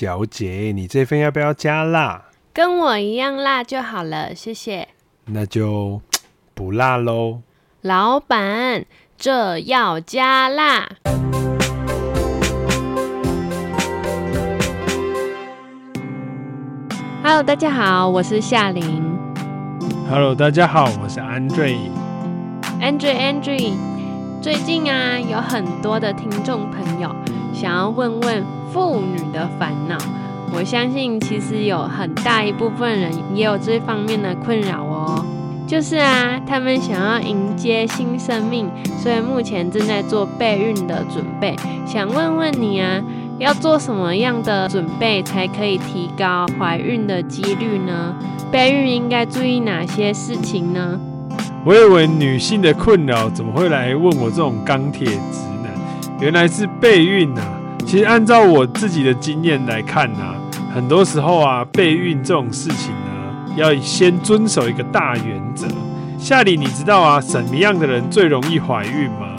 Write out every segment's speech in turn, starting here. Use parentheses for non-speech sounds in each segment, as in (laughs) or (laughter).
小姐，你這份要不要加辣？跟我一樣辣就好了，謝謝。那就不辣嘍。老闆，這要加辣。Hello，大家好，我是夏琳。Hello，大家好，我是 Andre。Andre，Andre，最近啊，有很多的聽眾朋友。想要問問婦女的煩惱，我相信其實有很大一部分人也有這方面的困擾哦、喔。就是啊，他們想要迎接新生命，所以目前正在做備孕的準備。想問問你啊，要做什麼樣的準備才可以提高懷孕的幾率呢？備孕應該注意哪些事情呢？我以為女性的困擾怎麼會來問我這種鋼鐵直？原來是備孕啊！其實按照我自己的經驗來看啊，很多時候啊，備孕這種事情呢，要先遵守一個大原則。夏琳，你知道啊，什麼樣的人最容易懷孕嗎？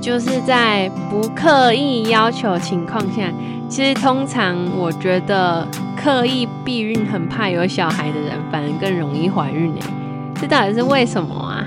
就是在不刻意要求的情況下，其實通常我覺得刻意避孕、很怕有小孩的人，反而更容易懷孕呢、欸。這到底是為什麼啊？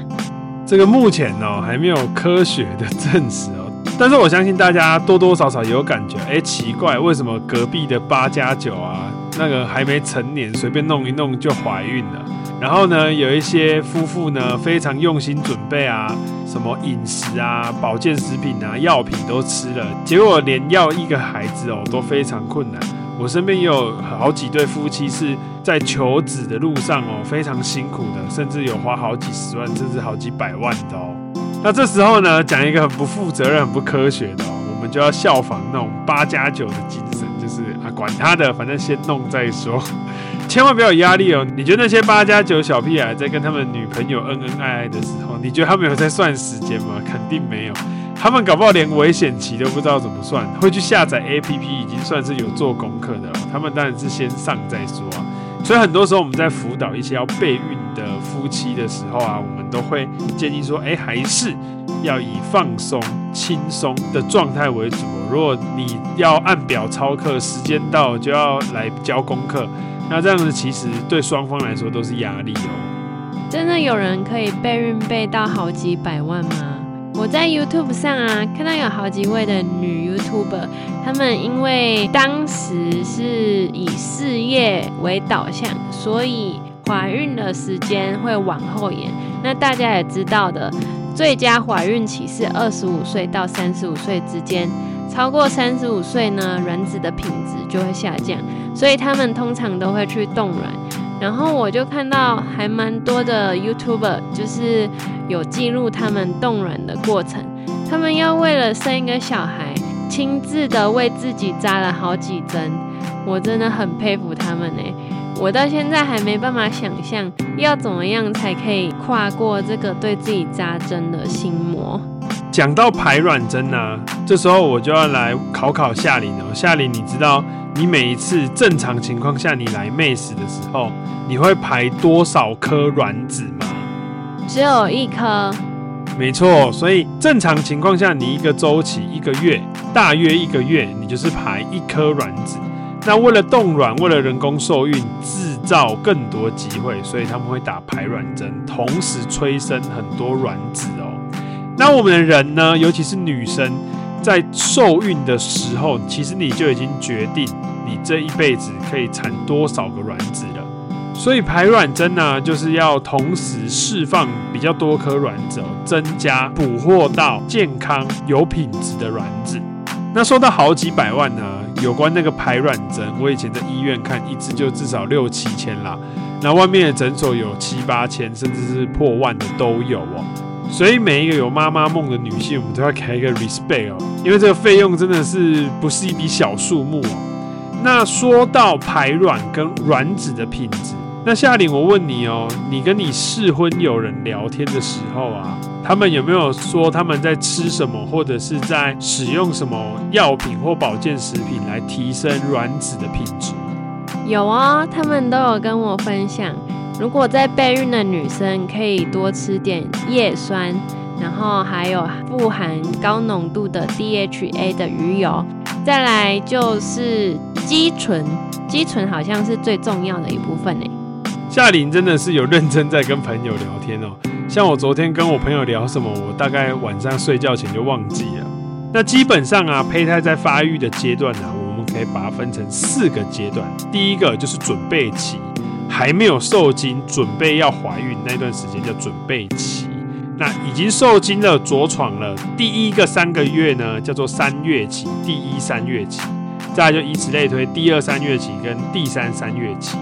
這個目前哦，還沒有科學的證實哦。但是我相信大家多多少少也有感覺，哎，奇怪，為什麼隔壁的八加九啊，那個還沒成年，隨便弄一弄就懷孕了？然後呢，有一些夫婦呢非常用心準備啊，什麼飲食啊、保健食品啊、藥品都吃了，結果連要一個孩子哦都非常困難。我身邊也有好幾對夫妻是在求子的路上哦，非常辛苦的，甚至有花好幾十萬，甚至好幾百萬的哦。那這時候呢，講一個很不負責任、很不科學的、喔，我們就要效仿那種八加九的精神，就是啊，管他的，反正先弄再說， (laughs) 千萬不要有壓力哦、喔。你覺得那些八加九小屁孩在跟他們女朋友恩恩愛愛的時候，你覺得他們有在算時間嗎？肯定沒有，他們搞不好連危險期都不知道怎麼算，會去下載 APP，已經算是有做功課的了、喔。他們當然是先上再說啊。所以很多時候我們在輔導一些要備孕的夫妻的時候啊，我們都會建議說，哎、欸，還是要以放鬆、輕鬆的狀態為主。如果你要按表操課，時間到了就要來交功課，那這樣子其實對雙方來說都是壓力哦。真的有人可以備孕備到好幾百萬嗎？我在 YouTube 上啊，看到有好幾位的女 YouTuber，她們因為當時是以事業為導向，所以懷孕的時間會往後延。那大家也知道的，最佳懷孕期是二十五歲到三十五歲之間，超過三十五歲呢，卵子的品質就會下降，所以她們通常都會去凍卵。然後我就看到還蠻多的 YouTuber，就是有記錄他們凍卵的過程，他們要為了生一個小孩，親自的為自己扎了好幾針，我真的很佩服他們哎！我到現在還沒辦法想象，要怎麼樣才可以跨過這個對自己扎針的心魔。講到排卵針呢，啊，這時候我就要來考考夏琳哦。夏琳，你知道？你每一次正常情況下，你來 MC 的時候，你會排多少顆卵子嗎？只有一顆。沒錯，所以正常情況下，你一個周期一個月，大約一個月，你就是排一顆卵子。那為了凍卵，為了人工受孕，製造更多機會，所以他們會打排卵針，同時催生很多卵子哦。那我們的人呢，尤其是女生。在受孕的時候，其實你就已經決定你這一輩子可以產多少個卵子了。所以排卵針呢，就是要同時釋放比較多顆卵子哦，增加捕獲到健康有品質的卵子。那說到好幾百萬呢？有關那個排卵針，我以前在醫院看，一支就至少六七千啦。那外面的診所有七八千，甚至是破萬的都有哦。所以每一個有媽媽夢的女性，我們都要開一個 respect 哦、喔，因為這個費用真的是不是一筆小數目哦、喔。那說到排卵跟卵子的品質，那夏琳，我問你哦、喔，你跟你適婚友人聊天的時候啊，他們有沒有說他們在吃什麼或者是在使用什麼藥品或保健食品來提升卵子的品質？有啊、哦，他們都有跟我分享。如果在備孕的女生，可以多吃點葉酸，然後還有富含高濃度的 DHA 的魚油，再來就是肌醇，肌醇好像是最重要的一部分。欸、夏琳真的是有認真在跟朋友聊天哦，像我昨天跟我朋友聊什麼，我大概晚上睡覺前就忘記了。那基本上啊，胚胎在發育的階段呢、啊，我們可以把它分成四個階段，第一個就是準備期。還沒有受精，準備要懷孕那段時間叫準備期。那已經受精了，着床了，第一個三個月呢，叫做三月期，第一三月期。再來就以此類推，第二三月期跟第三三月期。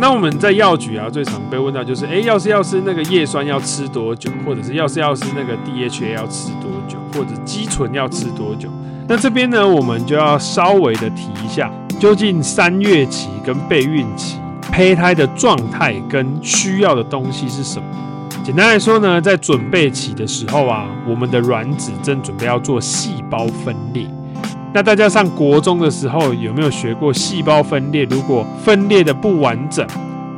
那我們在藥局啊，最常被問到就是，哎、欸，要是要是那個葉酸要吃多久，或者是要是要是那個 DHA 要吃多久，或者是肌醇要吃多久？那這邊呢，我們就要稍微的提一下，究竟三月期跟備孕期。胚胎的狀態跟需要的東西是什麼？簡單來說呢，在準備期的時候啊，我們的卵子正準備要做細胞分裂。那大家上國中的時候有沒有學過細胞分裂？如果分裂的不完整，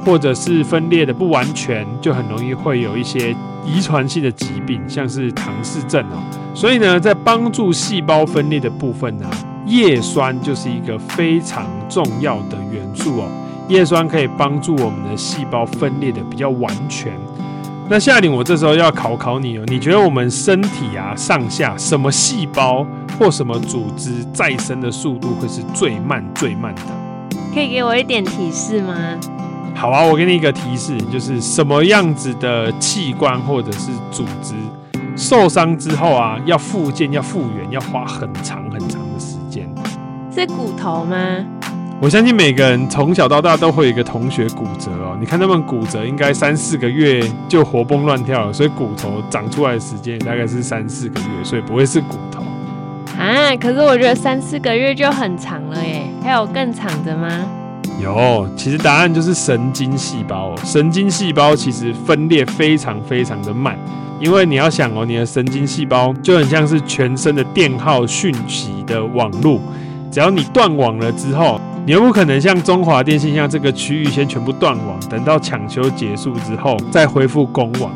或者是分裂的不完全，就很容易會有一些遺傳性的疾病，像是唐氏症哦。所以呢，在幫助細胞分裂的部分呢，葉酸就是一個非常重要的元素哦。葉酸可以幫助我們的細胞分裂，得比較完全。那夏琳，我這時候要考考你哦，你覺得我們身體啊上下什麼細胞或什麼組織再生的速度會是最慢最慢的？可以給我一點提示嗎？好啊，我給你一個提示，就是什麼樣子的器官或者是組織受傷之後啊，要復健、要復原，要花很長很長的時間。是骨頭嗎？我相信每個人從小到大都會有一個同學骨折哦。你看他們骨折，應該三四個月就活蹦亂跳了，所以骨頭長出來的時間大概是三四個月，所以不會是骨頭啊。可是我覺得三四個月就很長了耶，還有更長的嗎？有，其實答案就是神經細胞哦。神經細胞其實分裂非常非常的慢，因為你要想哦，你的神經細胞就很像是全身的電耗訊息的網路，只要你斷網了之後。你又不可能像中華電信，像這個區域先全部斷網，等到搶修結束之後再恢復公網。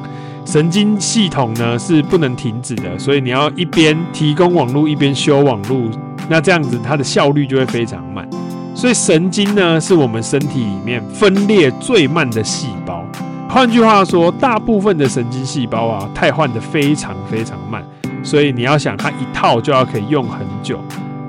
神經系統呢，是不能停止的，所以你要一邊提供網絡，一邊修網絡，那這樣子它的效率就會非常慢。所以神經呢，是我們身體裡面分裂最慢的細胞，換句話說，大部分的神經細胞啊，汰換得非常非常慢，所以你要想它一套就要可以用很久。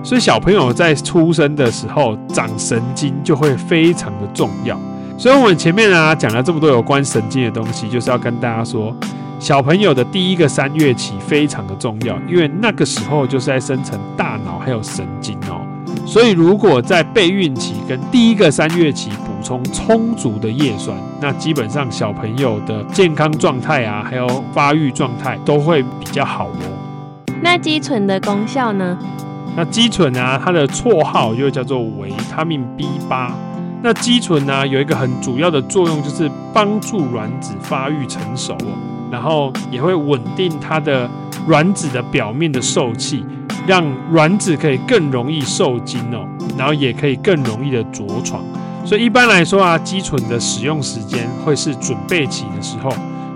所以小朋友在出生的時候長神經就會非常的重要。所以我們前面啊講了這麼多有關神經的東西，就是要跟大家說，小朋友的第一個三月期非常的重要，因為那個時候就是在生成大腦還有神經哦。所以如果在備孕期跟第一個三月期補充充足的葉酸，那基本上小朋友的健康狀態啊，還有發育狀態都會比較好哦。那肌醇的功效呢？那肌醇啊，它的綽號又叫做維他命 B8。那肌醇呢，有一個很主要的作用，就是幫助卵子發育成熟哦，然後也會穩定它的卵子的表面的受器，讓卵子可以更容易受精哦，然後也可以更容易的着床。所以一般來說啊，肌醇的使用時間會是準備期的時候，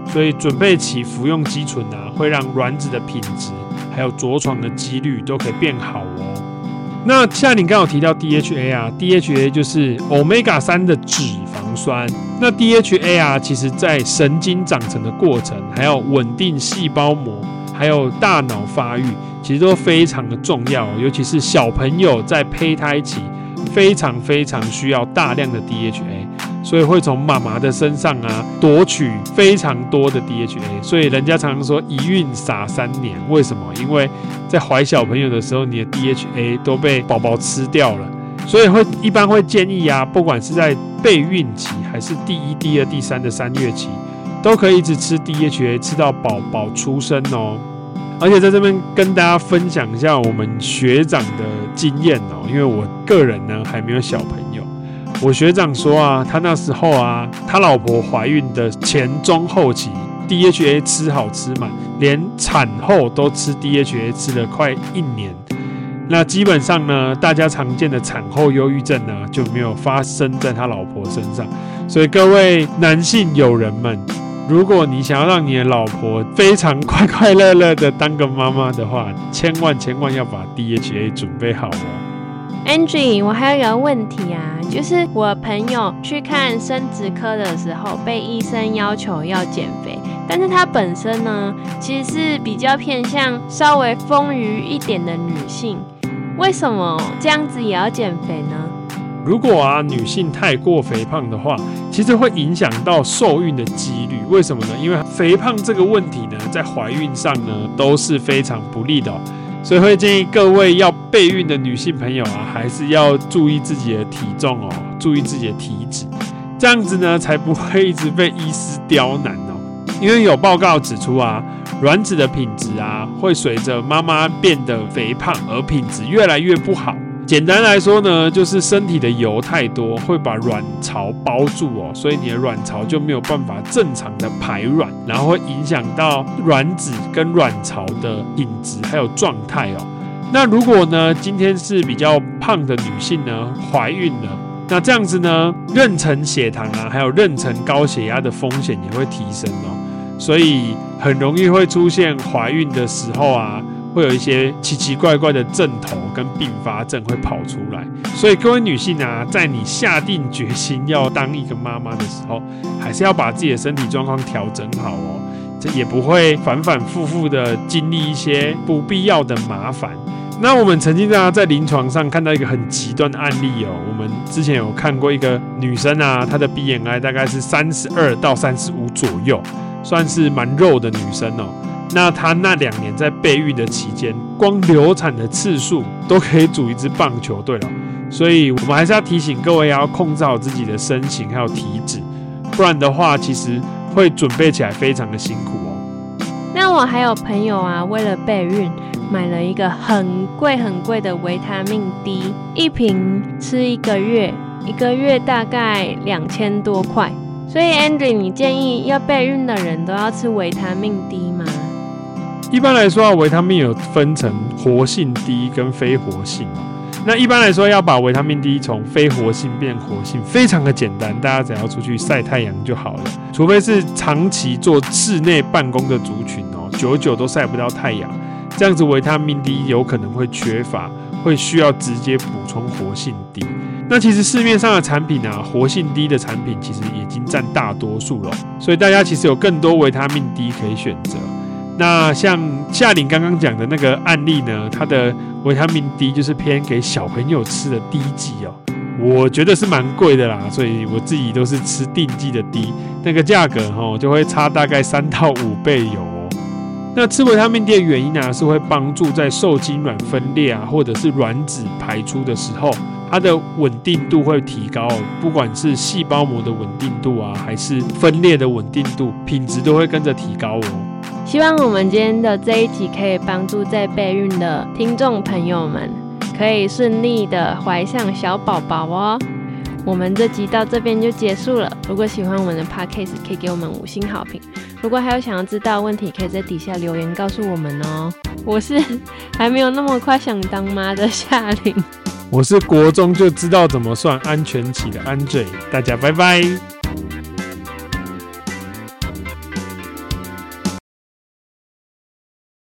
所以準備期服用肌醇呢，會讓卵子的品質，還有着床的幾率都可以變好哦。那像你剛好提到 DHA 啊，DHA 就是 Omega 三的脂肪酸。那 DHA 啊，其實在神經長成的過程，還有穩定細胞膜，還有大腦發育，其實都非常的重要哦，尤其是小朋友在胚胎期，非常非常需要大量的 DHA。所以會從媽媽的身上啊，奪取非常多的 DHA，所以人家常常說一孕傻三年，為什麼？因為在懷小朋友的時候，你的 DHA 都被寶寶吃掉了，所以會一般會建議啊，不管是在備孕期還是第一、第二、第三的三月期，都可以一直吃 DHA 吃到寶寶出生哦。而且在這邊跟大家分享一下我們學長的經驗哦，因為我個人呢還沒有小朋友。我學長說啊，他那時候啊，他老婆懷孕的前中後期 DHA 吃好吃滿，連產後都吃 DHA 吃了快一年。那基本上呢，大家常見的產後憂鬱症呢就沒有發生在他老婆身上。所以各位男性友人們，如果你想要讓你的老婆非常快快樂樂的當個媽媽的話，千萬千萬要把 DHA 準備好了啊。Andre，我還有一個問題啊，就是我朋友去看生殖科的時候，被醫生要求要減肥，但是她本身呢，其實是比較偏向稍微豐腴一點的女性，為什麼這樣子也要減肥呢？如果啊，女性太過肥胖的話，其實會影響到受孕的幾率，為什麼呢？因為肥胖這個問題呢，在懷孕上呢都是非常不利的哦。所以會建議各位要備孕的女性朋友啊，還是要注意自己的體重哦，注意自己的體脂，這樣子呢才不會一直被醫師刁難哦。因為有報告指出啊，卵子的品質啊會隨着媽媽變得肥胖而品質越來越不好。簡單來說呢，就是身體的油太多，會把卵巢包住哦，所以你的卵巢就沒有辦法正常的排卵，然後會影響到卵子跟卵巢的品質還有狀態哦。那如果呢，今天是比較胖的女性呢，懷孕了，那這樣子呢，妊娠血糖啊，還有妊娠高血壓的風險也會提升哦，所以很容易會出現懷孕的時候啊。會有一些奇奇怪怪的症頭跟併發症會跑出來，所以各位女性啊，在你下定決心要當一個媽媽的時候，還是要把自己的身體狀況調整好哦，這也不會反反复复的經歷一些不必要的麻煩。那我們曾經啊在臨床上看到一個很極端的案例哦，我們之前有看過一個女生啊，她的 BMI 大概是三十二到三十五左右，算是蠻肉的女生哦。那他那兩年在備孕的期間，光流產的次數都可以組一支棒球隊了。所以，我們還是要提醒各位，要控制好自己的身形還有體脂，不然的話，其實會準備起來非常的辛苦哦。那我還有朋友啊，為了備孕，買了一個很貴很貴的維他命 D，一瓶吃一個月，一個月大概兩千多塊。所以 Andre，你建議要備孕的人都要吃維他命 D？一般來說啊，維他命有分成活性 D 跟非活性。那一般來說，要把維他命 D 從非活性變活性，非常的簡單，大家只要出去曬太陽就好了。除非是長期做室內辦公的族群哦、喔，久久都曬不到太陽，這樣子維他命 D 有可能會缺乏，會需要直接補充活性 D。那其實市面上的產品啊，活性 D 的產品其實已經佔大多數了，所以大家其實有更多維他命 D 可以選擇。那像夏琳剛剛講的那個案例呢，它的維他命 D 就是偏給小朋友吃的滴劑哦，我覺得是蠻貴的啦，所以我自己都是吃錠劑的 D，那個價格哈就會差大概三到五倍有、哦。那吃維他命 D 的原因啊，是會幫助在受精卵分裂啊，或者是卵子排出的時候，它的穩定度會提高，不管是細胞膜的穩定度啊，還是分裂的穩定度，品質都會跟着提高哦。希望我們今天的這一集可以幫助在備孕的聽眾朋友們，可以順利的懷上小寶寶哦。我們這集到這邊就結束了。如果喜歡我們的 podcast，可以給我們五星好評。如果還有想要知道的問題，可以在底下留言告訴我們哦、喔。我是還沒有那麼快想當媽的夏琳，我是國中就知道怎麼算安全期的 Andre。大家拜拜。